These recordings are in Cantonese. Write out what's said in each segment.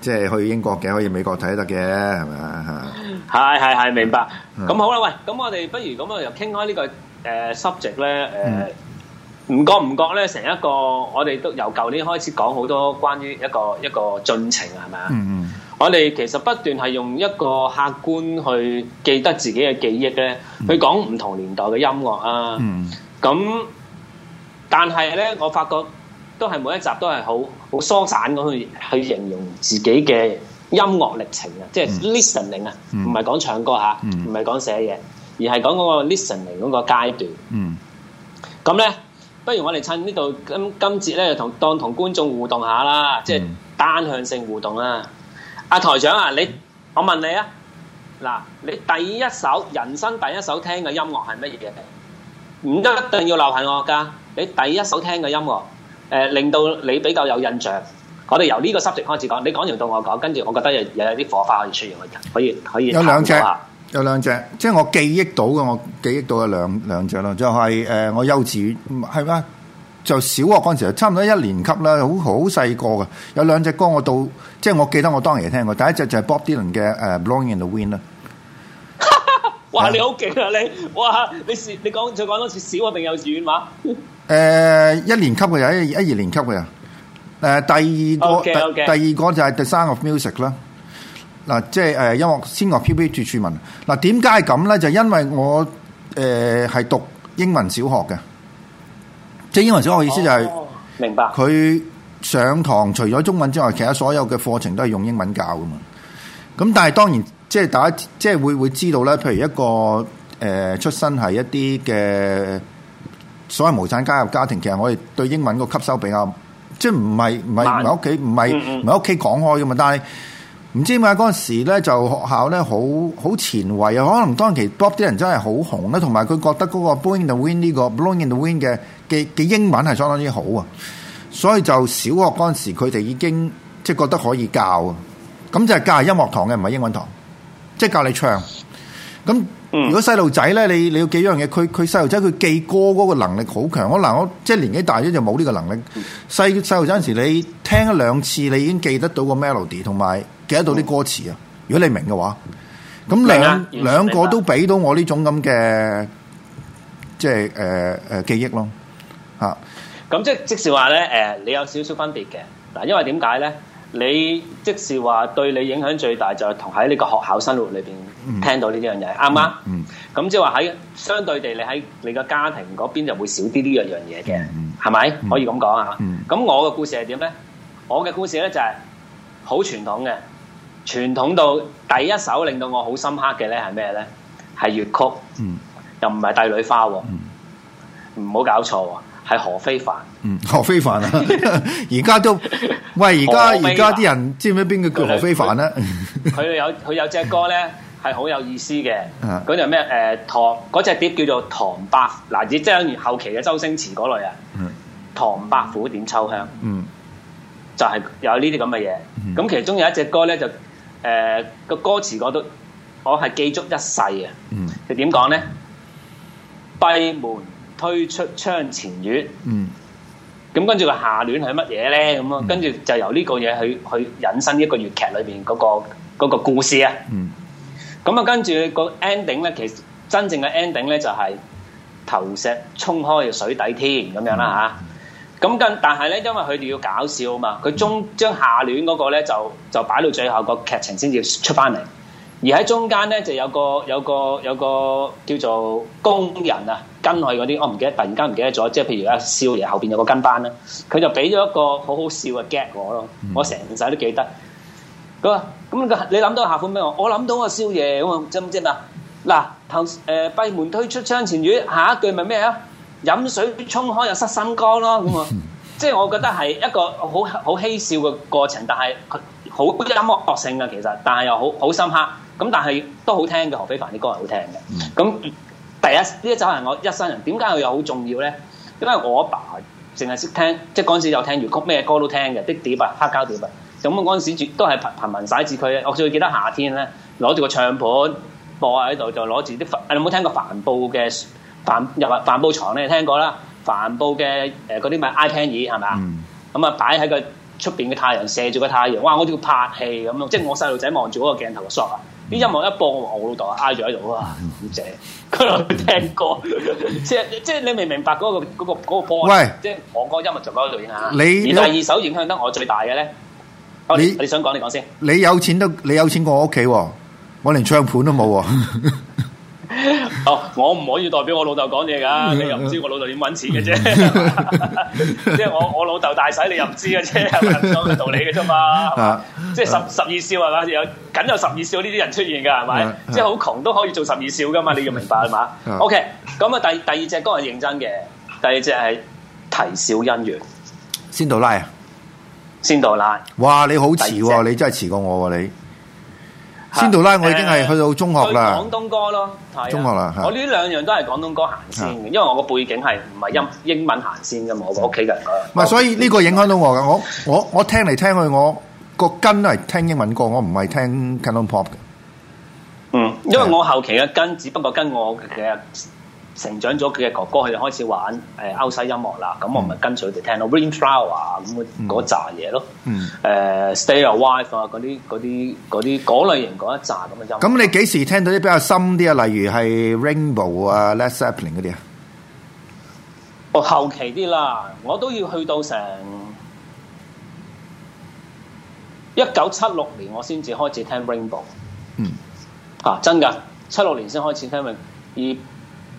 即係去英國嘅，可以美國睇得嘅，係咪啊？係係係，明白。咁好啦，喂，咁我哋不如咁樣、這個，又傾開呢個誒 subject 咧，誒唔覺唔覺咧，成一個我哋都由舊年開始講好多關於一個一個進程啊，係咪啊？嗯嗯。我哋其實不斷係用一個客觀去記得自己嘅記憶咧，去講唔同年代嘅音樂啊。嗯咁、嗯啊，但係咧，我發覺。都係每一集都係好好疏散咁去去形容自己嘅音樂歷程啊，即係 listening 啊、嗯，唔係講唱歌吓，唔係講寫嘢，而係講嗰個 listening 嗰個階段。咁、嗯、咧，不如我哋趁這裡節呢度今今節咧，同當同觀眾互動一下啦，即係單向性互動啦。阿、嗯啊、台長啊，你我問你啊，嗱，你第一首人生第一首聽嘅音樂係乜嘢嚟？唔得一定要流行樂㗎，你第一首聽嘅音樂。誒令到你比較有印象，我哋由呢個濕食開始講，你講完到我講，跟住我覺得又有啲火花可以出現，可以可以談咗下。有兩隻，有兩隻，即係我記憶到嘅，我記憶到有兩兩隻咯，就係、是、誒、呃、我幼稚園係咩？就小學嗰陣時，差唔多一年級啦，好好細個嘅。有兩隻歌我到，即係我記得我當年聽過，第一隻就係 Bob Dylan 嘅誒 Blowin' in the Wind 啦。 哇！你好勁啊你，哇！你你講再講多次，小學定幼稚園話？ 誒、呃，一年級嘅一一,一二年級嘅誒、呃，第二個 okay, okay. 第二個就係 The Sound of Music 啦。嗱，即係誒音樂、先樂 P. P. 注注文。嗱，點解咁咧？就是、因為我誒係、呃、讀英文小學嘅，即係英文小學意思係，明白。佢上堂除咗中文之外，其他所有嘅課程都係用英文教噶嘛。咁但係當然，即係大家，即係會會知道咧。譬如一個誒、呃、出身係一啲嘅。所以無產加入家庭，其實我哋對英文個吸收比較，即係唔係唔係唔喺屋企唔係唔喺屋企講開㗎嘛，但係唔知點解嗰時時咧就學校咧好好前衛啊，可能當期 Bob 啲人真係好紅咧，同埋佢覺得嗰個 win g t h e win d 呢、這個、mm -hmm. 這個、blowing t h e win 嘅嘅嘅英文係相當之好啊，所以就小學嗰時時佢哋已經即係覺得可以教啊，咁就係教音樂堂嘅，唔係英文堂，即、就、係、是、教你唱，咁。如果細路仔咧，你你要記一樣嘢，佢佢細路仔佢記歌嗰個能力好強。可能我即係年紀大咗就冇呢個能力。細細路仔嗰陣時，你聽一兩次，你已經記得到個 melody 同埋記得到啲歌詞啊、嗯。如果你明嘅話，咁兩兩個都俾到我呢種咁嘅即係誒誒記憶咯。嚇，咁即係即係話咧誒，你有少少分別嘅嗱，因為點解咧？你即是話對你影響最大就係同喺呢個學校生活裏邊聽到呢啲、嗯嗯嗯、樣嘢，啱嗎？咁即係話喺相對地，你喺你個家庭嗰邊就會少啲呢樣樣嘢嘅，係、嗯、咪、嗯？可以咁講啊？咁、嗯嗯、我嘅故事係點咧？我嘅故事咧就係好傳統嘅，傳統到第一首令到我好深刻嘅咧係咩咧？係粵曲，嗯、又唔係帝女花、哦，唔、嗯、好搞錯喎、哦。係何非凡，嗯，何非凡啊！而家都 喂，而家而家啲人知唔知邊個叫何非凡咧，啊？佢有佢有隻歌咧，係好有意思嘅。嗰隻咩？誒、呃，唐嗰隻碟叫做《唐伯》，嗱、啊，亦即係後期嘅周星馳嗰類啊，嗯《唐伯虎點秋香》嗯就係。嗯，就係有呢啲咁嘅嘢。咁其中有一隻歌咧，就誒個、呃、歌詞我都我係記足一世啊。嗯，就點講咧？閉門推出窗前月，嗯，咁跟住個下聯係乜嘢咧？咁啊，跟住就由呢個嘢去去引申一個粵劇裏邊嗰、嗰個、嗰個故事啊。嗯，咁啊，跟住個 ending 咧，其實真正嘅 ending 咧就係投石沖開水底天。咁樣啦吓。咁、嗯、跟、啊、但係咧，因為佢哋要搞笑啊嘛，佢中將下聯嗰個咧就就擺到最後個劇情先至出翻嚟，而喺中間咧就有個有個有個叫做工人啊。跟去嗰啲，我唔記得，突然間唔記得咗。即係譬如阿少爺後邊有個跟班啦，佢就俾咗一個好好笑嘅 get 我咯。我成世都記得。咁咁個你諗到個下款咩？我諗到個少爺咁啊！即係即係嗱嗱頭誒閉門推出窗前月，下一句咪咩啊？飲水沖開又失心肝咯咁啊！即係我覺得係一個好好嬉笑嘅過程，但係好陰惡性嘅其實，但係又好好深刻。咁但係都好聽嘅，何非凡啲歌係好聽嘅。咁第一呢一組人我一生人點解佢又好重要咧？因為我阿爸成日識聽，即係嗰陣時有聽粵曲，咩歌都聽嘅，啲碟啊黑膠碟啊。咁嗰陣時住都係頻頻曬字佢。啊。我最記得夏天咧，攞住個唱盤播喺度，就攞住啲你有冇聽過帆布嘅帆入啊？帆布牀咧聽過啦，帆布嘅誒嗰啲咪 i t 耳 e 椅係嘛？咁、嗯、啊擺喺個出邊嘅太陽，射住個太陽，哇！好似拍戲咁樣，即係我細路仔望住嗰個鏡頭嘅索啊！啲音樂一播，我話我老豆挨住喺度啊，好正，佢喺度聽歌， 即係即係你明唔明白嗰個嗰個嗰個波？喂，即係韓歌音樂就嗰類型啊。你第二首影響得我最大嘅咧？你你，你，你想講你講先。你有錢都你有錢過我屋企喎，我連唱片都冇喎。 哦，我唔可以代表我老豆講嘢噶，你又唔知我老豆點搵錢嘅啫， 即係我我老豆大使，你又唔知嘅啫，係咪咁嘅道理嘅啫嘛？ 即係十 十二少係嘛？有梗有十二少呢啲人出現噶係咪？ 即係好窮都可以做十二少噶嘛？你要明白係嘛 ？OK，咁啊，啊，第第二隻歌係認真嘅，第二隻係啼笑姻緣，仙杜拉啊，仙杜拉，哇，你好遲喎，你真係遲過我、啊、你。先度啦，我已經係去到中學啦，廣東歌咯，中學啦，我呢兩樣都係廣東歌行先，因為我個背景係唔係音英文行先㗎嘛，我個屋企人唔係，所以呢個影響到我㗎，我我我聽嚟聽去，我個根係聽英文歌，我唔係聽 Cantopop 嘅，嗯，因為我後期嘅根，只不過跟我嘅。成長咗佢嘅哥哥，佢就開始玩誒、呃、歐西音樂啦。咁我咪跟住佢哋聽到 Rain Flower 啊，咁嗰扎嘢咯。誒，Stairway 啊，嗰啲嗰啲嗰啲嗰類型嗰一紮咁嘅音。咁你幾時聽到啲比較深啲啊？例如係 Rainbow 啊、Let's Appling 嗰啲啊？哦，後期啲啦，我都要去到成一九七六年，我先至開始聽 Rainbow。嗯。啊，真㗎！七六年先開始聽 Rainbow，而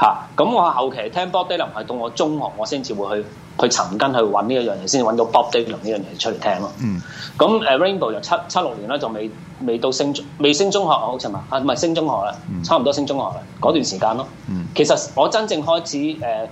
吓、啊，咁我後期聽 Bob Dylan 係到我中學，我先至會去去尋根去揾呢一樣嘢，先至揾到 Bob Dylan 呢樣嘢出嚟聽咯。嗯。咁誒 Rainbow 就七七六年咧，就未未到升未升中學啊，好似咪啊，唔係升中學啦、嗯，差唔多升中學啦，嗰、嗯、段時間咯。嗯。其實我真正開始誒、呃、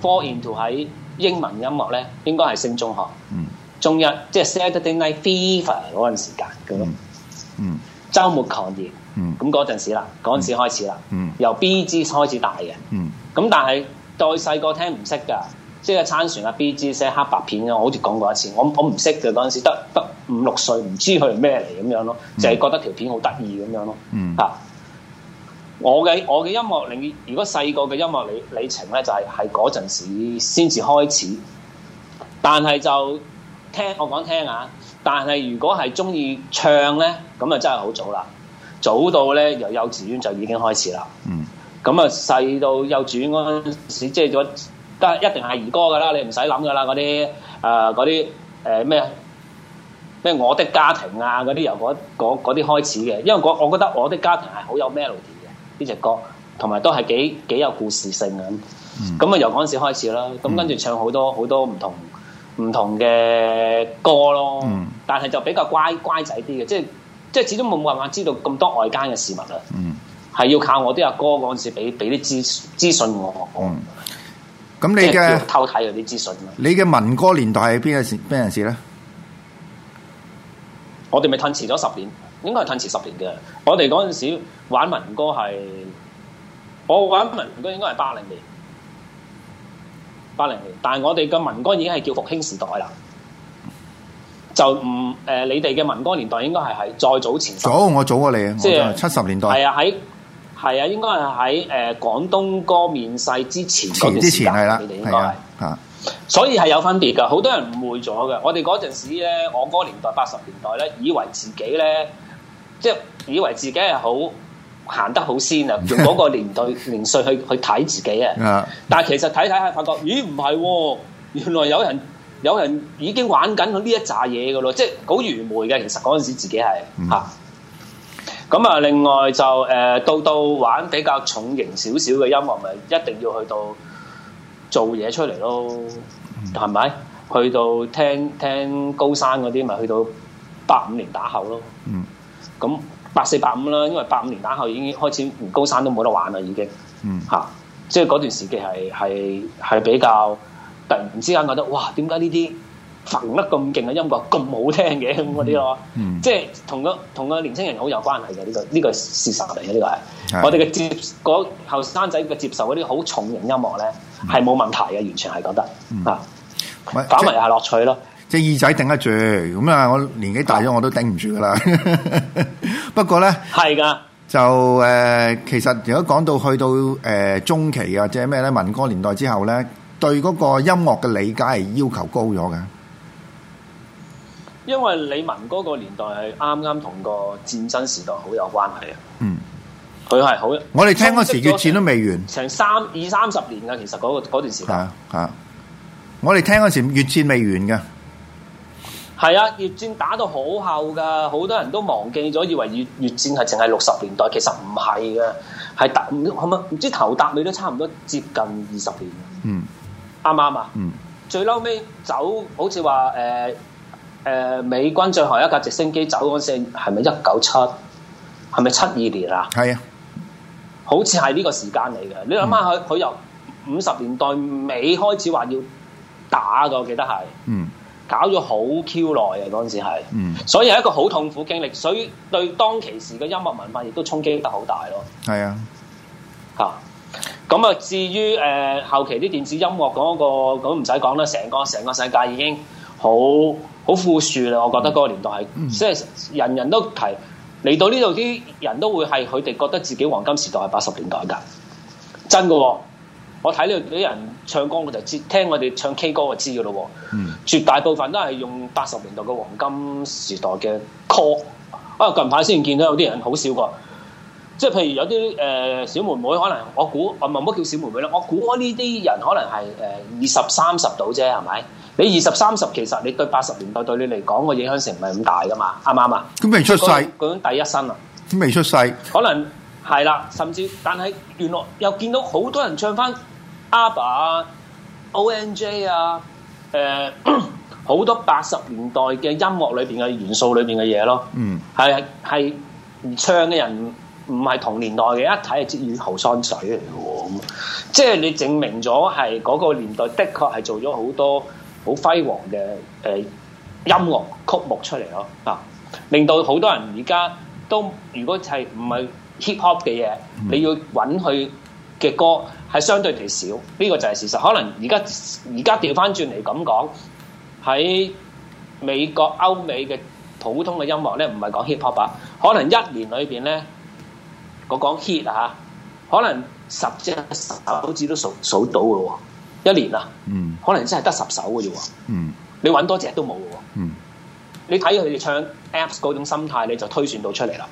fall into 喺英文音樂咧，應該係升中學。嗯。中一即係 Saturday Night Fever 嗰陣時間咁咯、嗯。嗯。週末狂熱。嗯，咁嗰陣時啦，嗰陣時開始啦、嗯嗯，由 B.G. 開始大嘅，咁、嗯、但係在細個聽唔識噶，即係參船啊、B.G. 些黑白片啊，我好似講過一次，我我唔識嘅嗰陣時，得得五六歲，唔知佢係咩嚟咁樣咯，就係、是、覺得條片好得意咁樣咯、嗯啊，我嘅我嘅音樂，你如果細個嘅音樂歷程呢，咧，就係喺嗰陣時先至開始，但係就聽我講聽下。但係如果係鍾意唱咧，咁啊真係好早啦。早到咧，由幼稚園就已經開始啦。嗯。咁啊，細到幼稚園嗰陣時，即係嗰家一定係兒歌噶啦，你唔使諗噶啦，嗰啲啊嗰啲誒咩咩我的家庭啊嗰啲，由嗰啲開始嘅。因為我我覺得我的家庭係好有 melody 嘅呢隻歌，同埋都係幾幾有故事性嘅。嗯。咁啊，由嗰陣時開始啦，咁跟住唱好多好、嗯、多唔同唔同嘅歌咯。嗯、但係就比較乖乖仔啲嘅，即、就、係、係。即係始終冇辦法知道咁多外間嘅事物啦，嗯，係要靠我啲阿哥嗰陣時俾俾啲資資訊我，嗯，咁你嘅偷睇啲資訊，你嘅民歌年代係邊個時邊個人士咧？我哋咪褪遲咗十年，應該係褪遲十年嘅。我哋嗰陣時候玩民歌係，我玩民歌應該係八零年，八零年，但係我哋嘅民歌已經係叫復興時代啦。就唔誒、呃，你哋嘅民歌年代應該係係再早前十年，早我早我早過你啊，我就是、啊，即係七十年代，係啊喺係啊，應該係喺誒廣東歌面世之前嗰段時間係啦，你哋應該係，係啊係啊，所以係有分別噶，好多人誤會咗嘅。我哋嗰陣時咧，我嗰年代八十年代咧，以為自己咧，即係以為自己係好行得好先啊，用嗰個年代年歲去去睇自己 啊，但係其實睇睇下，發覺咦唔係喎，原來有人。有人已經玩緊佢呢一紮嘢嘅咯，即係好愚昧嘅。其實嗰陣時自己係嚇。咁、嗯、啊，另外就誒、呃、到到玩比較重型少少嘅音樂，咪一定要去到做嘢出嚟咯，係、嗯、咪？去到聽聽高山嗰啲，咪去到八五年打後咯。嗯。咁八四八五啦，因為八五年打後已經開始，連高山都冇得玩啦，已經。嗯。嚇、啊！即係嗰段時期係係係比較。突然之間覺得，哇！點解呢啲揈得咁勁嘅音樂咁好聽嘅咁嗰啲咯？即係同個同個年輕人好有關係嘅呢、呢個呢個事實嚟嘅呢個係。的我哋嘅接嗰後生仔嘅接受嗰啲好重型音樂咧，係、嗯、冇問題嘅，完全係覺得嚇，搞埋又係樂趣咯。隻耳仔頂得住咁啊！我年紀大咗，我都頂唔住噶啦。啊、 不過咧，係噶就誒、呃，其實如果講到去到誒、呃、中期或者咩咧民歌年代之後咧。對嗰個音樂嘅理解係要求高咗嘅，因為李文嗰個年代係啱啱同個戰爭時代好有關係啊。嗯，佢係好。我哋聽嗰時越戰都未完，成三二三十年啊。其實嗰，嗰個段時間啊，啊，我哋聽嗰時越戰未完嘅，係啊，越戰打到好後噶，好多人都忘記咗，以為越越戰係淨係六十年代，其實唔係嘅，係搭，係咪唔知道頭搭尾都差唔多接近二十年。嗯。啱啱啊？嗯，最嬲尾走，好似話誒誒美軍最後一架直升機走嗰陣時，係咪一九七？係咪七二年啊？係啊，好似係呢個時間嚟嘅。你諗下佢佢由五十年代尾開始話要打嘅，我記得係，嗯，搞咗好 Q 耐啊。嗰陣時係，嗯，所以係一個好痛苦嘅經歷，所以對當其時嘅音樂文化亦都衝擊得好大咯。係啊，吓。咁啊，至於誒、呃、後期啲電子音樂嗰、嗰個，咁唔使講啦，成個成個世界已經好好富庶啦。我覺得嗰個年代係、嗯，即係人人都提嚟到呢度啲人都會係佢哋覺得自己黃金時代係八十年代㗎，真嘅、哦。我睇呢啲人唱歌，我就知聽我哋唱 K 歌我就知㗎咯。嗯，絕大部分都係用八十年代嘅黃金時代嘅歌。啊，近排先見到有啲人好少個。即係譬如有啲誒、呃、小妹妹可能我，我估我唔好叫小妹妹啦，我估我呢啲人可能係誒二十三十度啫，係、呃、咪？你二十三十其實你對八十年代對你嚟講個影響性唔係咁大噶嘛？啱唔啱啊？咁未出世，講第一身啊！咁未出世，可能係啦，甚至但係原來又見到好多人唱翻阿爸啊、O N J 啊、誒好多八十年代嘅音樂裏邊嘅元素裏邊嘅嘢咯。嗯，係係唔唱嘅人。唔係同年代嘅，一睇係接二後山水嚟嘅喎，即係你證明咗係嗰個年代的確係做咗好多好輝煌嘅誒音樂曲目出嚟咯，啊，令到好多人而家都如果係唔係 hip hop 嘅嘢，你要揾佢嘅歌係相對地少，呢、呢個就係事實。可能而家而家調翻轉嚟咁講，喺美國歐美嘅普通嘅音樂咧，唔係講 hip hop 啊，可能一年裏邊咧。我講 hit 啊，可能十隻手指都數數到嘅咯，一年啊，可能真係得十首嘅啫。你揾多隻都冇嘅。你睇佢哋唱 apps 嗰種心態，你就推算到出嚟啦。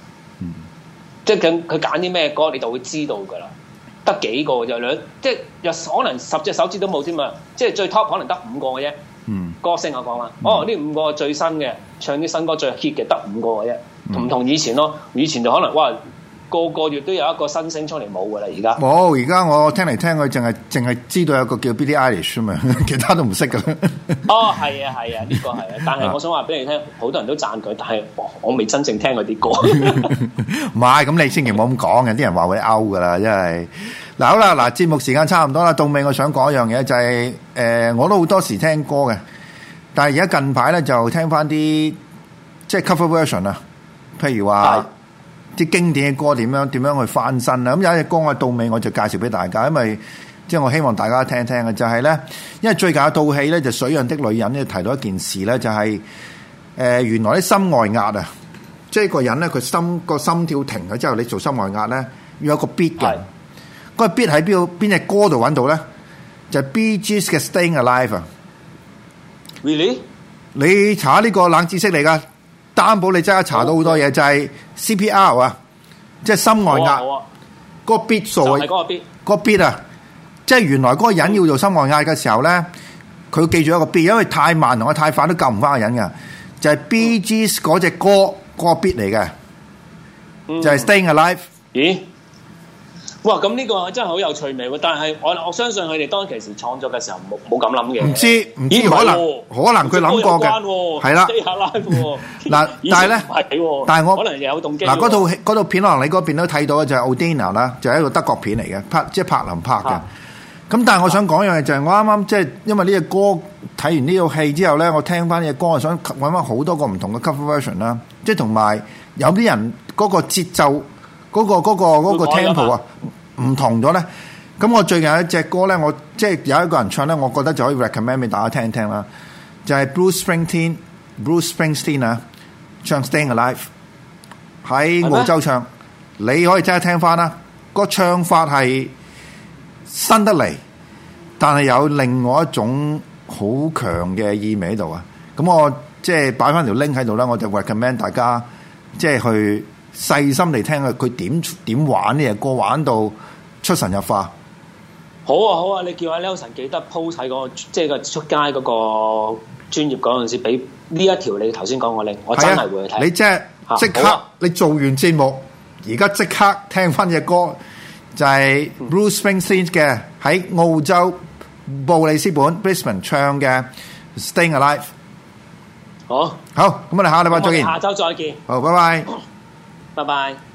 即係佢佢揀啲咩歌，你就會知道嘅啦。得幾個嘅啫，兩即係又可能十隻手指都冇添啊！即係最 top 可能得五個嘅啫、嗯。歌星我講啦、嗯，哦呢五個最新嘅唱啲新歌最 hit 嘅得五個嘅啫、嗯，同唔同以前咯？以前就可能哇～個個月都有一個新星出嚟，冇噶啦，而家冇。而家我聽嚟聽去，淨係淨係知道有一個叫 Billie Eilish 啊嘛，其他都唔識噶啦。哦，係啊，係啊，呢、這個係啊。但係我想話俾你聽，好多人都讚佢，但係我未真正聽過啲歌。唔 係 咁你千祈唔好咁講，有 啲人話會勾噶啦，因為嗱好啦，嗱節目時間差唔多啦，到尾我想講一樣嘢就係、是、誒、呃，我都好多時聽歌嘅，但係而家近排咧就聽翻啲即係 cover version 啊，譬如話。啲經典嘅歌點樣點樣去翻身啦？咁、嗯、有一隻歌我到尾我就介紹俾大家，因為即係我希望大家聽聽嘅，就係、是、咧，因為最近一套戲咧就是《水漾的女人》咧提到一件事咧，就係、是、誒、呃、原來啲心外壓啊，即、就、係、是、個人咧佢心個心跳停咗之後，你做心外壓咧要有一個 beat 嘅，個 beat 喺邊度？邊隻歌度搵到咧？就是、Bee Gees 嘅 Staying Alive 啊！Really？你查下呢個冷知識嚟噶？擔保你即刻查到很多東西好多、啊、嘢，就係、是、CPR 就是啊，即係心外壓個 beat 傻個 beat 啊，即、那、係、個、原來嗰個人要做心外壓嘅時候咧，佢記住一個 beat 因為太慢同埋太快都救唔翻個人嘅，就係 BGs 嗰隻歌、那個 beat 嚟嘅，就係、是、Staying Alive、嗯。咦？哇！咁呢個真係好有趣味喎，但係我我相信佢哋當其時創作嘅時候冇冇咁諗嘅。唔知唔知可能、欸喔、可能佢諗過嘅，係啦、喔。嗱、喔 喔，但係咧，但係我可能有動機、喔。嗱，嗰套嗰套片可能你嗰邊都睇到嘅就係 Odena 啦，就係一個德國片嚟嘅，即係、就是、柏林拍嘅。咁但係我想講樣嘢就係、是、我啱啱即係因為呢隻歌睇完呢套戲之後咧，我聽翻呢隻歌，我想揾翻好多個唔同嘅 cover version 啦，即係同埋有啲人嗰個節奏。嗰、那個嗰、那個嗰、那個 tempo 啊，唔同咗咧。咁我最近有一隻歌咧，我即係、就是、有一個人唱咧，我覺得就可以 recommend 俾大家聽聽聽啦。就係、是、Bruce Springsteen，Bruce Springsteen 啊，唱《Staying Alive》喺澳洲唱，你可以真係聽翻啦。個唱法係新得嚟，但係有另外一種好強嘅意味喺度啊。咁我即係擺翻條 link 喺度啦，我就 recommend 大家即係、就是、去。細心嚟聽佢點點玩呢隻歌，玩到出神入化。好啊好啊，你叫阿 Nelson 記得 post 喺個即係個出街嗰個專業嗰陣時，俾呢一條你頭先講過你我真係會去睇，啊。你即係即刻，啊啊，你做完節目，而家即刻聽翻隻歌，就係、是、Bruce Springsteen 嘅喺、嗯、澳洲布里斯本 Brisbane 唱嘅《Staying Alive》好啊。好，好，咁我哋下禮拜再見。下周再見。好，拜拜。嗯拜拜。